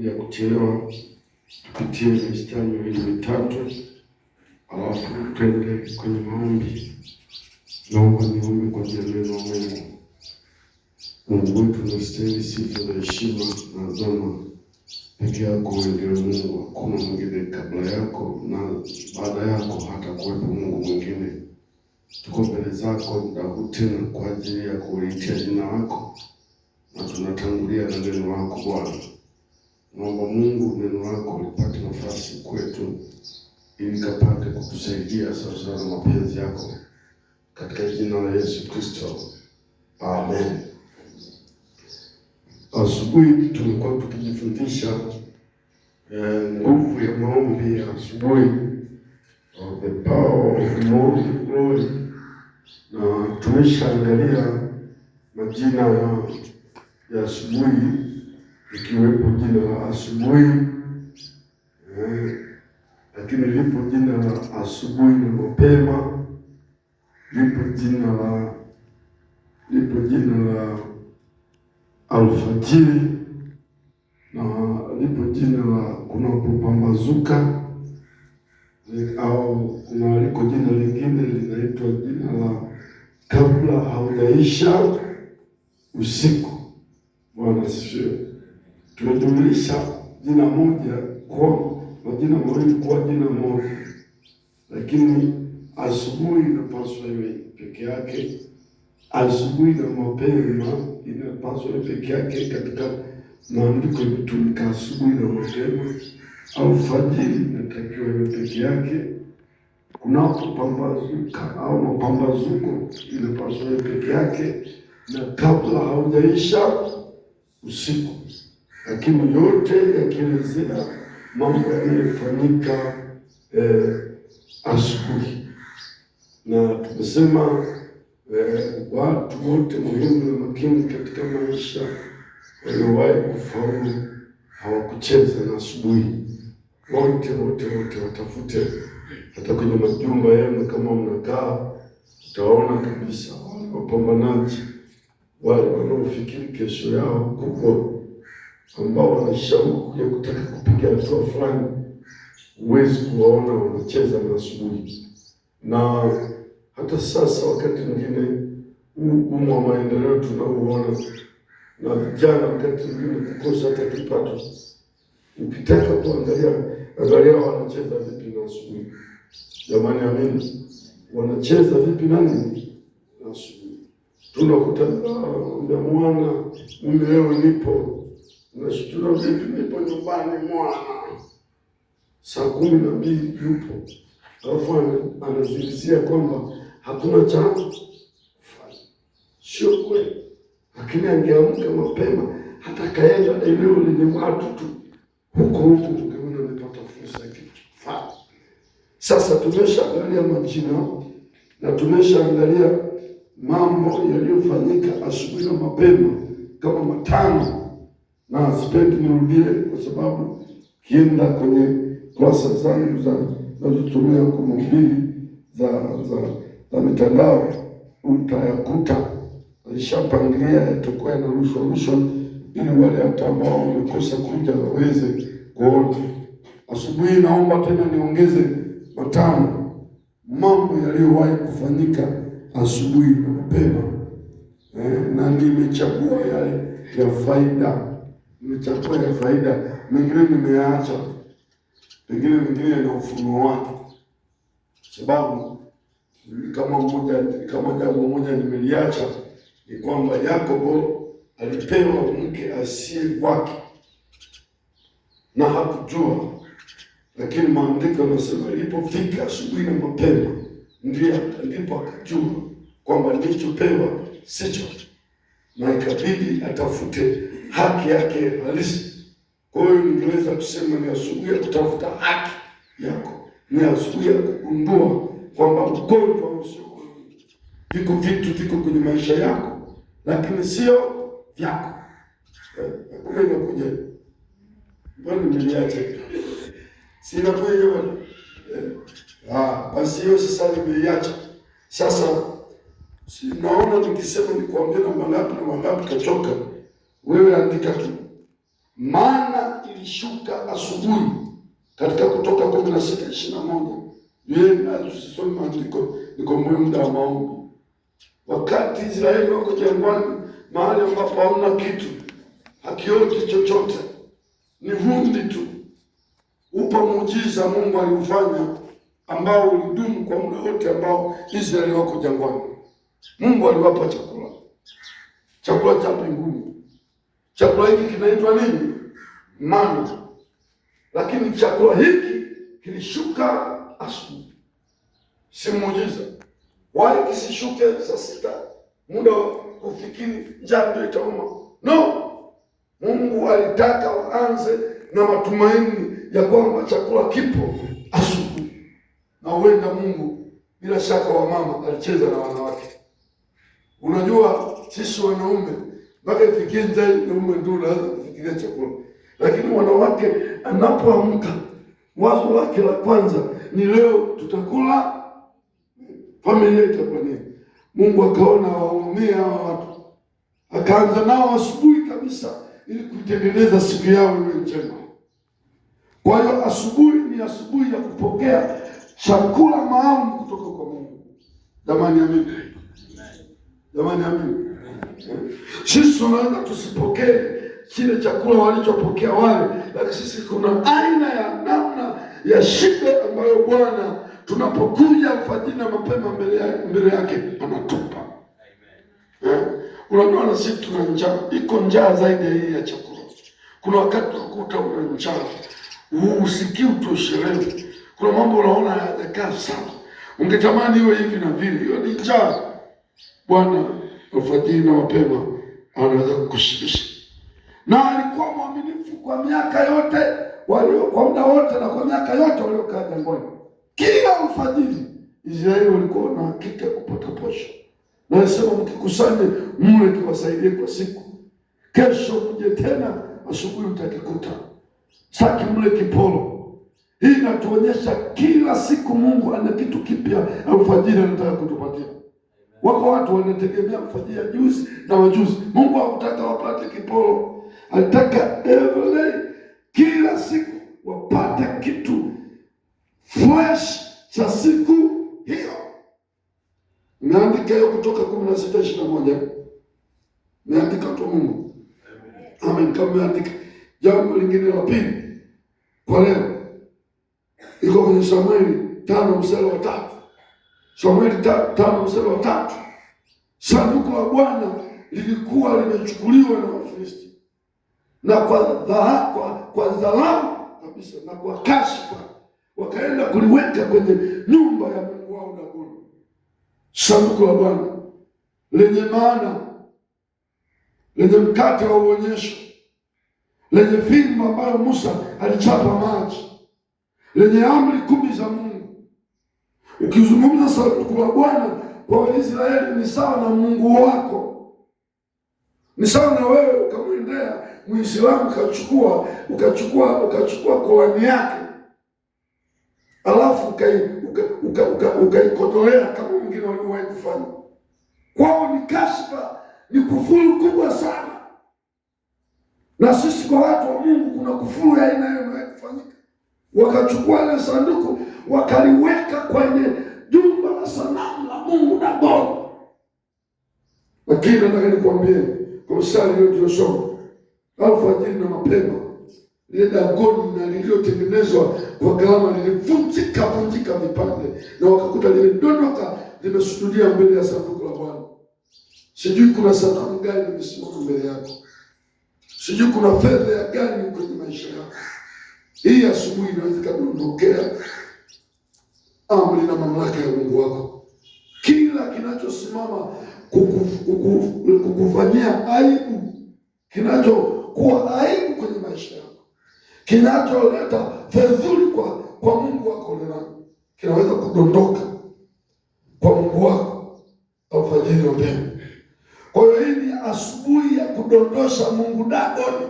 ya kuchelewa, tupitie mistari miwili mitatu, alafu twende kwenye maombi. Naomba niombe kwa ajili ya neno la Mungu. Mungu wetu unastahili sifa na heshima na zama peke yako ndio Mungu, hakuna mwingine kabla yako na baada yako, hata kuwepo Mungu mwingine. Tuko mbele zako muda huu tena kwa ajili ya kulitia jina lako, na tunatangulia na neno lako Bwana. Naomba Mungu neno lako lipate nafasi kwetu, ili kapate kutusaidia sawasawa na mapenzi yako, katika jina la Yesu Kristo, amen. Asubuhi tumekuwa tukijifundisha eh, nguvu ya maombi asubuhi, the power of morning glory, na tumeshaangalia majina ya asubuhi ikiwepo jina la asubuhi eh, lakini lipo jina la asubuhi na mapema, lipo jina la lipo jina la alfajiri na lipo jina la kunapopambazuka eh, au kuna liko jina lingine linaitwa jina la kabla haujaisha usiku. Bwana asifiwe tumejumlisha jina moja kwa majina mawili kwa jina moja, lakini asubuhi inapaswa iwe peke yake, asubuhi na mapema inapaswa iwe peke yake. Katika maandiko imetumika asubuhi na mapema, au fajiri inatakiwa iwe peke yake. Kunapopambazuka au mapambazuko inapaswa iwe peke yake, na kabla haujaisha usiku lakini yote yakielezea mambo yaliyofanyika eh, asubuhi na tumesema eh, watu wote muhimu na makini katika maisha waliowahi kufaulu hawakucheza na asubuhi. Wote wote wote watafute, hata kwenye majumba yenu kama mnakaa, utaona kabisa wale wapambanaji, wale wanaofikiri kesho yao kubwa ambao wana shauku ya kutaka kupiga hatua fulani, huwezi kuwaona wanacheza na asubuhi. Na hata sasa wakati mwingine ugumu wa maendeleo tunaoona na vijana wakati mwingine kukosa hata kipato, ukitaka kuangalia angalia wanacheza vipi na asubuhi. Jamani, amini, wanacheza vipi nani na asubuhi? Tunakuta mda mwana mimi leo nipo Nashtuka vipi? Nipo nyumbani mwana saa kumi na mbili yupo, alafu anazilizia kwamba hakuna cha kufanya. Sio kweli, lakini angeamka mapema hata akaenda eneo lenye watu tu huko huko, ungeona amepata fursa ya kufanya. Sasa tumeshaangalia majina na tumeshaangalia mambo yaliyofanyika asubuhi na mapema kama matano na sipendi nirudie, kwa sababu kienda kwenye kurasa zangu za nazotumia kumhubiri za za za mitandao utayakuta alishapangilia yatakuwa na rushwa, ili wale hata ambao wamekosa kuja waweze kuona. Asubuhi naomba tena niongeze matano mambo yaliyowahi kufanyika asubuhi na mapema eh, na nimechagua yale ya faida ni ya faida, mengine nimeacha, pengine mengine na ufunuo wake, sababu kama mmoja kama jambo moja nimeliacha ni kwamba Yakobo alipewa mke asiye wake na hakujua, lakini maandiko yanasema ilipofika asubuhi na mapema, ndiye ndipo akajua kwamba nilichopewa sicho na ikabidi atafute haki yake halisi. Kwa hiyo ningeweza kusema ni asubuhi ya kutafuta haki yako, ni asubuhi ya kugundua kwamba ugonjwa usio, viko vitu viko kwenye maisha yako, lakini sio vyako. Kumbe inakuja eh. ah, basi hiyo sasa nimeiacha sasa Si naona nikisema ni kuambia na mangapi na mangapi kachoka. Wewe andika tu. Maana ilishuka asubuhi katika Kutoka 16:21. Yeye na sisoni maandiko niko muda wa maombi. Wakati Israeli wako jangwani, mahali ambapo hauna kitu, hakioti chochote, ni vumbi tu, upo muujiza Mungu aliufanya ambao ulidumu kwa muda wote ambao Israeli wako jangwani. Mungu aliwapa chakula, chakula cha mbinguni. Chakula hiki kinaitwa nini? Mana. Lakini chakula hiki kilishuka asubuhi, si muujiza. Wala kisishuke saa sita, muda wa kufikiri njaa ndio itauma. No, Mungu alitaka waanze na matumaini ya kwamba chakula kipo asubuhi, na huenda Mungu bila shaka, wamama alicheza na wanawake. Unajua sisi wanaume mpaka ifikie njaa naume ndio unaanza kufikiria chakula, lakini mwanawake anapoamka wazo lake la kwanza ni leo tutakula, familia itakuwa nini. Mungu akaona waumia hawa watu, akaanza nao asubuhi kabisa ili kutengeneza siku yao iwe njema. Kwa hiyo asubuhi ni asubuhi ya kupokea chakula maalum kutoka kwa Mungu. Jamani, amina. Jamani, amini. Sisi tunaanza tusipokee kile chakula walichopokea wale, lakini sisi kuna aina ya namna ya shibe ambayo Bwana tunapokuja alfajiri na mapema mbele yake anatupa. Eh? Unajua, na sisi tuna njaa, iko njaa zaidi ya hii ya chakula. Kuna wakati unakuta una njaa usikii utoshelewe, kuna mambo unaona hayajakaa sawa, ungetamani iwe hivi na vile. Hiyo ni njaa. Bwana alfajiri na mapema anaweza kukushibisha. Na alikuwa mwaminifu kwa miaka yote walio kwa muda wote na kwa miaka yote waliokaa jangwani. Kila alfajiri Israeli walikuwa na hakika kupata posho, na alisema mkikusanye mle tuwasaidie kwa siku, kesho mje tena asubuhi mtakikuta saki mle kiporo. Hii inatuonyesha kila siku Mungu ana kitu kipya alfajiri anataka kutupatia. Wako watu wanategemea mfanyia juzi na wajuzi. Mungu hakutaka wapate kiporo, alitaka everyday, kila siku wapate kitu fresh cha siku hiyo. Meandika hiyo Kutoka kumi na sita ishirini na moja meandika tu Mungu amen. Kama meandika jambo lingine la pili kwa leo, iko kwenye Samueli tano mstari wa tatu. Samueli tano mstari wa tatu sanduku la Bwana lilikuwa limechukuliwa na Wafilisti na kwa dharau kwa, kwa dharau kabisa na kwa kashfa wakaenda kuliweka kwenye nyumba ya Mungu wao Dagoni, sanduku la Bwana lenye maana, lenye mkate wa uonyesho, lenye fimbo ambayo Musa alichapa maji, lenye amri kumi za Mungu Ukizungumza sanduku la Bwana kwa Waisraeli ni sawa na Mungu wako, ni sawa na wewe ukamwendea Muislamu ukachukua ukachukua ukachukua koani yake alafu ukaikotolea uka, uka, uka kama mwingine waliwahi kufanya. Kwao ni kashfa, ni kufuru kubwa sana, na sisi kwa watu wa Mungu kuna kufuru ya aina hiyo inayofanyika, wakachukua ile sanduku wakaliweka kwenye jumba la sanamu la Mungu Dagoni. Lakini nataka nikwambie kwa mstari hiyo tuliosoma alfajiri na mapema, lile Dagoni na liliyotengenezwa kwa gharama lilivunjika vunjika vipande, na wakakuta limedondoka limesujudia mbele ya sanduku la Bwana. Sijui kuna sanamu gani limesimama mbele yako, sijui kuna fedha ya gani kwenye maisha yako. Hii asubuhi inaweza ikadondokea amri na mamlaka ya Mungu wako. Kila kinachosimama kukufanyia aibu, kinachokuwa aibu kwenye maisha yako, kinacholeta fedhuli kwa kwa Mungu wako, kinaweza kudondoka kwa Mungu wako aufajiri upendo. Kwa hiyo hii ni asubuhi ya kudondosha Mungu Dagoni.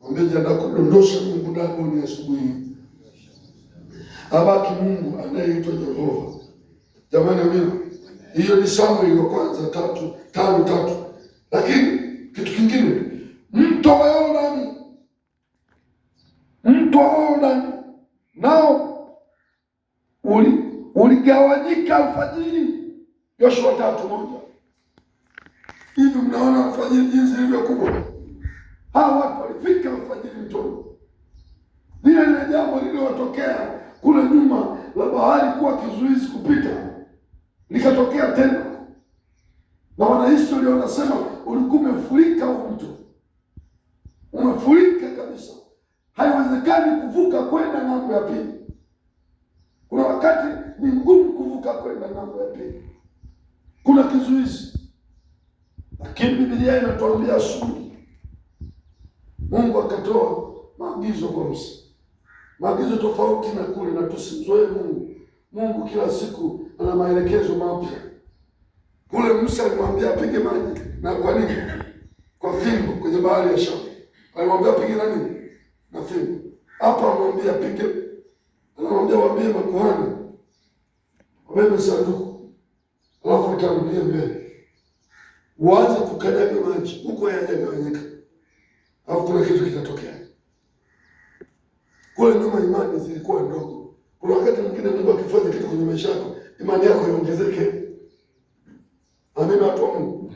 Mwambie, jiandaa kudondosha Mungu Dagoni asubuhi abaki Mungu anayeitwa Jehova. Jamani, amina. Hiyo ni Samueli wa kwanza tatu tano tatu. Lakini kitu kingine, mto wa Yordani, mto wa Yordani nao uligawanyika uli alfajiri, Yoshua tatu moja. Hivi mnaona alfajiri jinsi kubwa. hawa watu walifika alfajiri mtoni, lile lile jambo lililotokea kule nyuma la bahari kuwa kizuizi kupita, likatokea tena, na wanahistoria wanasema ulikuwa umefurika huu mto, umefurika kabisa, haiwezekani kuvuka kwenda ng'ambo ya pili. Kuna wakati ni ngumu kuvuka kwenda ng'ambo ya pili, kuna kizuizi, lakini Biblia inatuambia asubuhi, Mungu akatoa maagizo kwa Musa maagizo tofauti na kule, na tusimzoee Mungu. Mungu kila siku ana maelekezo mapya. Kule Musa alimwambia apige maji na kwa nini? Kwa fimbo kwenye bahari ya Shamu. Alimwambia apige nani? Na fimbo. Hapa amwambia apige, anamwambia waambie makuhani wabebe sanduku, alafu watangulie mbele, waanze kukanyaga maji huko, hayajagawanyika, alafu kuna kitu kitatokea. Wewe nyuma imani zilikuwa ndogo. Kuna wakati mwingine Mungu akifanya kitu kwenye maisha yako, imani yako iongezeke. Amina watu wa Mungu.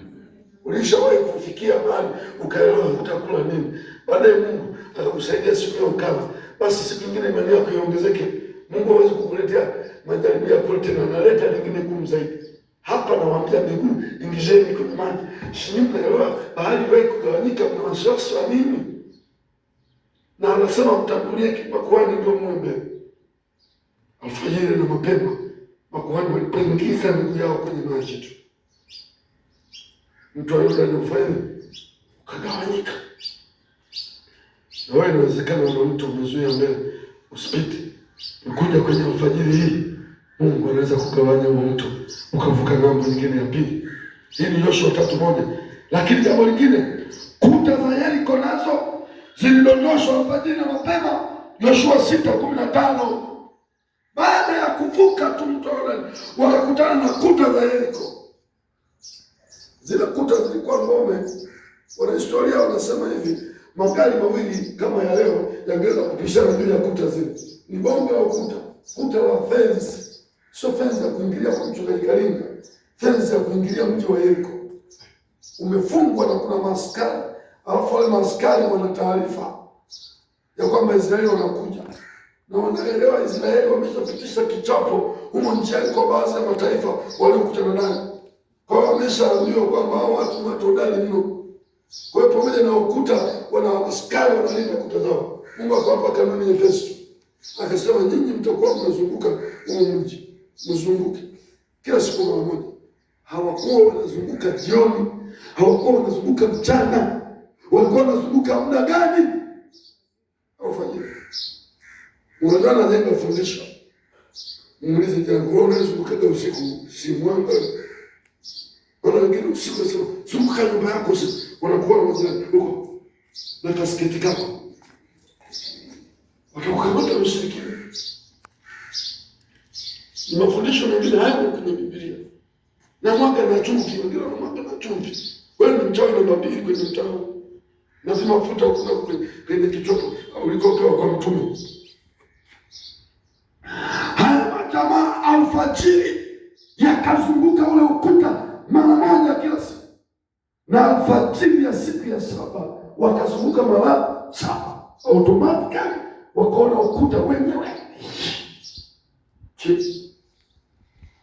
Ulishawahi kufikia mahali ukaelewa utakula nini. Baadaye Mungu akakusaidia siku hiyo ukala. Basi siku nyingine imani yako iongezeke. Mungu hawezi kukuletea majaribu ya kule tena, analeta lingine gumu zaidi. Hapa nawaambia miguu ingizeni kwenye maji. Shinyi mnaelewa bahari wewe kugawanyika, mna wasiwasi wa nini? na anasema mtangulie makuhani ndio mwombe mbele. Alfajiri na mapema makuhani walipoingiza miguu yao kwenye maji tu, mtu ayuda Yuda ukagawanyika. Na wewe inawezekana una mtu umezuia mbele usipite, ukuja kwenye alfajiri hii, Mungu anaweza kugawanya huo mtu ukavuka ng'ambo nyingine ya pili. Hii ni Yoshua tatu moja. Lakini jambo lingine, kuta za Yeriko nazo zilidondoshwa alfajiri na mapema, Yoshua sita kumi na tano. Baada ya kuvuka tu mto Yordani wakakutana na kuta za Yeriko. Zile kuta zilikuwa ngome. Wanahistoria wanasema hivi, magari mawili kama ya leo yangeweza kupishana juu ya kuta zile. Ni bomba au kuta? Kuta la fence, sio fence ya kuingilia kwa wa Kalinga, fence ya kuingilia mji wa Yeriko umefungwa na kuna maskari alafu wale maskari wana taarifa ya kwamba Israeli wanakuja na wanaelewa Israeli wameshapitisha kichapo humo njiani kwa baadhi ya mataifa waliokutana nayo. Kwa hiyo wameshaambiwa kwamba hao watu ni watu hodari mno. Kwa hiyo pamoja na ukuta, wana askari wanalinda kuta zao. Mungu akawapa kanuni nyepesi, akasema nyinyi mtakuwa mnazunguka huo mji, mzunguke kila siku mara moja. Hawakuwa wanazunguka jioni, hawakuwa wanazunguka mchana Walikuwa wanazunguka muda gani? Aufanyie unajua, naenda kufundisha muulize jana, wewe unazunguka usiku, si mwanga. Wana wengine usiku sio zunguka nyumba yako, si wanakuwa wazee huko na kasketi kako wakakukamata mshiriki. Ni mafundisho mengine hayo kwenye Biblia na mwanga na chumvi, wengine na mwanga na chumvi. Wewe ni mchawi namba mbili kwenye mtao lazima ufuta kwenye kichoko ulikopewa kwa mtume. Haya majamaa alfajiri yakazunguka ule ukuta mara moja kila siku, na alfajiri ya siku ya saba wakazunguka mara saba, automatically wakaona ukuta wenyewe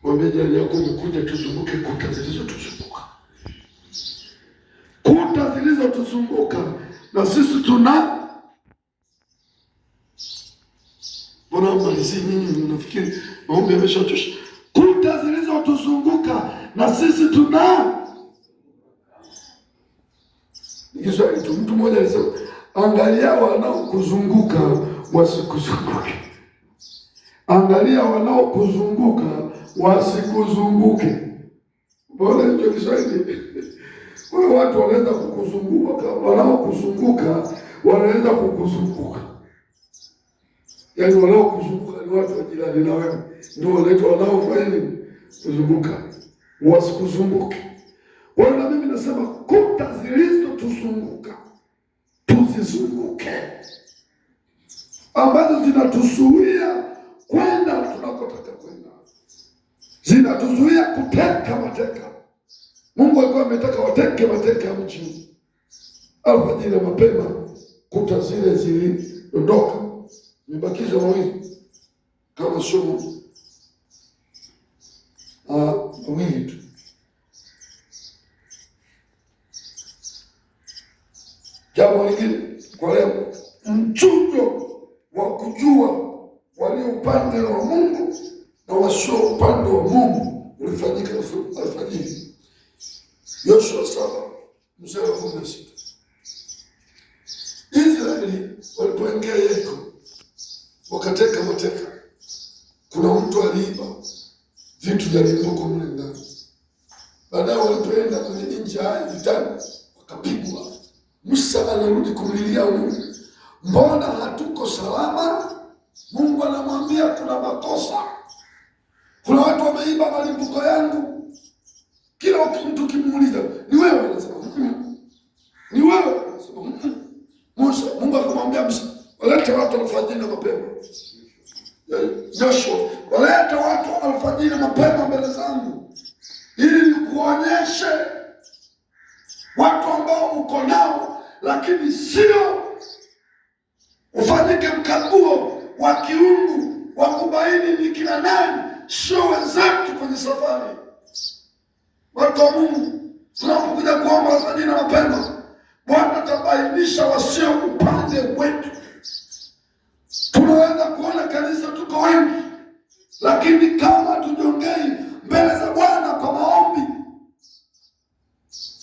wamejaliakumekuja tuzunguke kuta zilizotuzunguka kuzunguka na sisi tuna mbona malizi nyinyi, mnafikiri maombi yameshatosha? Kuta zilizotuzunguka na sisi tuna Kiswahili tu. Mtu mmoja alisema, angalia wanaokuzunguka wasikuzunguke, angalia wanaokuzunguka wasikuzunguke. Bora hicho Kiswahili Wale watu wanaweza kukuzunguka, wanaokuzunguka wanaweza kukuzunguka, yaani wanaokuzunguka ni watu wa jirani na wewe, ndio wanaitwa wanaofanya Kuzunguka. Wasikuzunguke. Kwa hiyo na mimi nasema kuta zilizotuzunguka tuzizunguke, ambazo zinatuzuia kwenda tunakotaka kwenda, zinatuzuia kuteka mateka Mungu alikuwa ametaka wateke mateka ya mji alfajiri ya mapema, kuta zile ziliondoka, imebakizwa mawili kama sumu ah, mawili tu. Jambo lingine kwa leo, mchujo wa kujua walio upande wa Mungu na wasio upande wa Mungu ulifanyika alfajiri. Yoshua saba mstari wa kumi na sita Israeli walipoingia Yeriko wakateka mateka, kuna mtu aliiba vitu vya livoko mle ndani. Baadaye walipoenda kwenye nchi haya vitani, wakapigwa. Musa anarudi kumlilia Mungu, mbona hatuko salama? Mungu anamwambia kuna makosa, kuna watu wameiba malimbuko yangu kila mtu kimuuliza ni wewe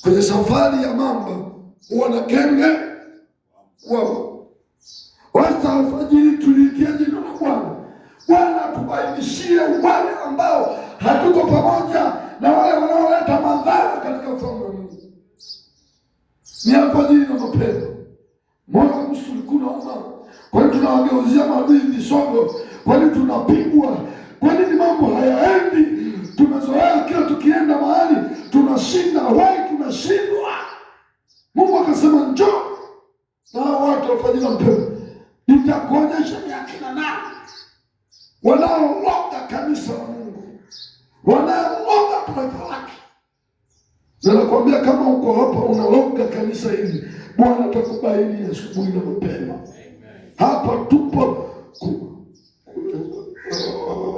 Kwenye safari ya mamba huwa na kenge wao. Wasa alfajiri tuliitia jina la Bwana. Bwana tubainishie wale ambao hatuko pamoja na wale wanaoleta madhara katika ufalme wa Mungu. Ni alfajiri na mapema. Moyo msu ulikuwa unauma. Kwani tunawageuzia maadui misongo? Kwani tunapigwa? ni mambo hayaendi? Tumezoea kila tukienda mahali tunashinda, wai tunashindwa. Mungu akasema njoo na watu wafanyila mpema, nitakuonyesha ni akina nani wanaologa kanisa la Mungu, wanaologa taifa lake. Nakwambia kama uko hapa unaloga kanisa hili, Bwana atakubaini asubuhi na mapema. Hapa tupo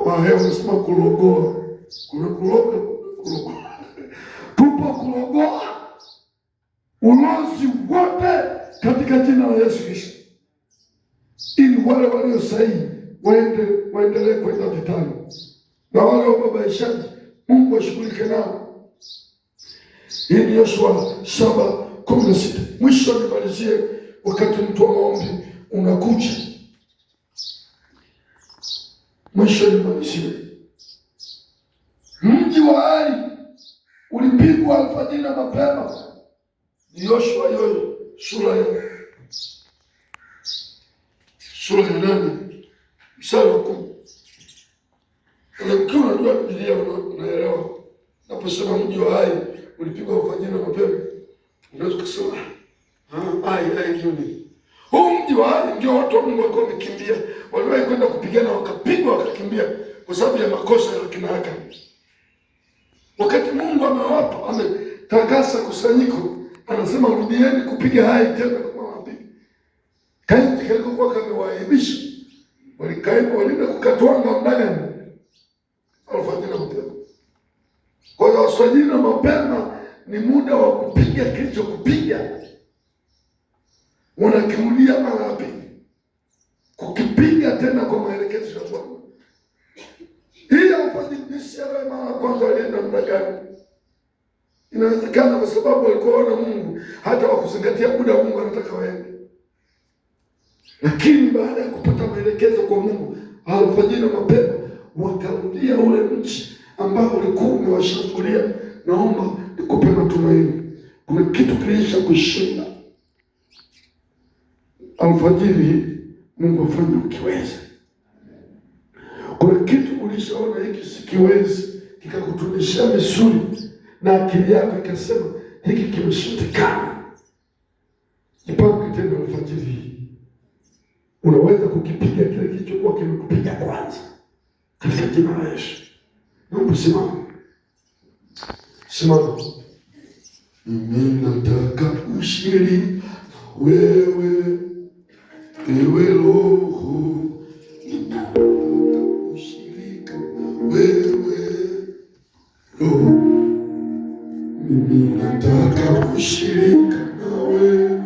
wahewa sema kulogoa tupo kulogoa ulozi wote katika jina la Yesu Kristo, ili wale walio sahihi waende waendelee kwenda vitani na wale wababaishaji Mungu ashughulike nao. Hii ni Yoshua saba kumi na sita. Mwisho nimalizie, wakati mtu wa maombi unakuja, mwisho nimalizie mji wa Ai ulipigwa alfajiri na mapema. Ni Yoshua yoyo sura ya sura ya nane mstari wa kumi. Ukiwa unajua Biblia unaelewa naposema mji wa Ai ulipigwa alfajiri na mapema, unaweza kusema ah, Ai, Ai ndio nini? Huu mji wa Ai ndio watu wa Mungu walikuwa wamekimbia, waliwahi kwenda kupigana, wakapigwa, wakakimbia kwa sababu ya makosa ya kina Adamu. Wakati Mungu amewapa ametakasa kusanyiko, anasema rudieni kupiga hai tena kama wapi. Kaini alikokuwa kamewaaibisha, walikaidi walienda kukatwanga mdagani, alfajiri mapema. Kwa hiyo alfajiri mapema ni muda wa kupiga kilichokupiga, wanakirudia mara ya pili, kukipiga tena kwa maelekezo ya Bwana ishara mara kwanza walienda muda gani? Inawezekana kwa sababu walikuwa wana Mungu, hata wakuzingatia muda Mungu anataka waende, lakini baada ya kupata maelekezo kwa Mungu alfajiri mapema wakarudia ule mchi ambao ulikuwa umewashambulia. Naomba nikupe matumaini, kuna kitu kiliisha kushinda alfajiri. Mungu afanye ukiweza kuna kitu ulishaona hiki sikiwezi, kikakutumishia misuli na akili yako ikasema hiki kimeshindikana. Jipange tena alfajiri hii, unaweza kukipiga kile kilichokuwa kimekupiga kwanza, katika jina la Yesu. Naomba simama, simama. nataka ushiri wewe, ewe Roho mimi ushirika na wewe,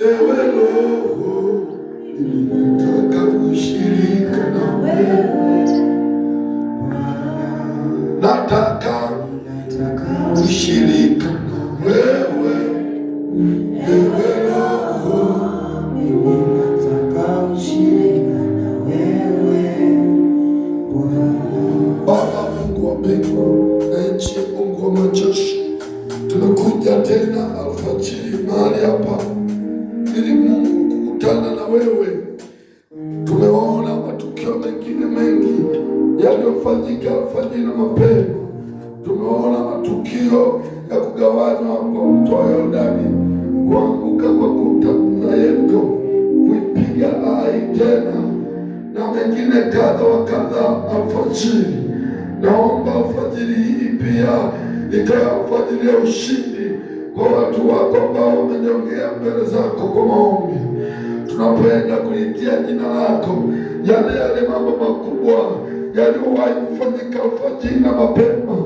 ewe Roho, mimi nataka kushirika na wewe, nataka kushirika katika fadhili na tumeona matukio ya kugawanywa kwa mto wa Yordani, kuanguka kwa kuta za Yeriko, kuipiga Ai tena na mengine kadha wa kadha. Alfajiri, naomba alfajiri hii pia ikayafadhilia ushindi kwa watu wako ambao wamenyongea mbele zako kwa maombi. Tunapoenda kulitia jina lako yale yale mambo makubwa yaliyowahi kufanyika alfajiri na mapema,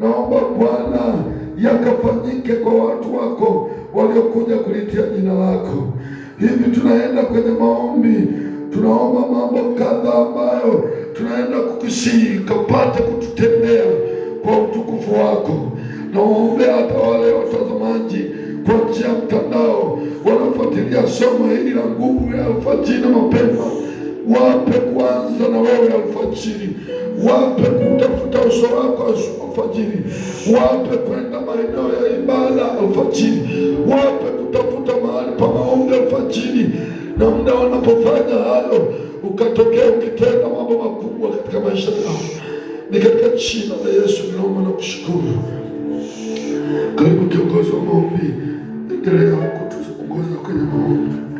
naomba Bwana yakafanyike kwa watu wako waliokuja kulitia jina lako. Hivi tunaenda kwenye maombi, tunaomba mambo kadhaa ambayo tunaenda kukishii kapate kututendea kwa utukufu wako. Naombe hata wale watazamaji kwa njia ya mtandao wanafuatilia somo hili la nguvu ya alfajiri na mapema wape kuanza na wewe alfajiri, wape kutafuta uso wako alfajiri, wape kwenda maeneo ya ibada alfajiri, wape kutafuta mahali pa maombi alfajiri, na muda wanapofanya hayo ukatokea ukitenda mambo makubwa katika maisha yao. Ni katika jina la Yesu naomba na kushukuru. Karibu kiongozi wa maombi, endelea kutuongoza kwenye maombi.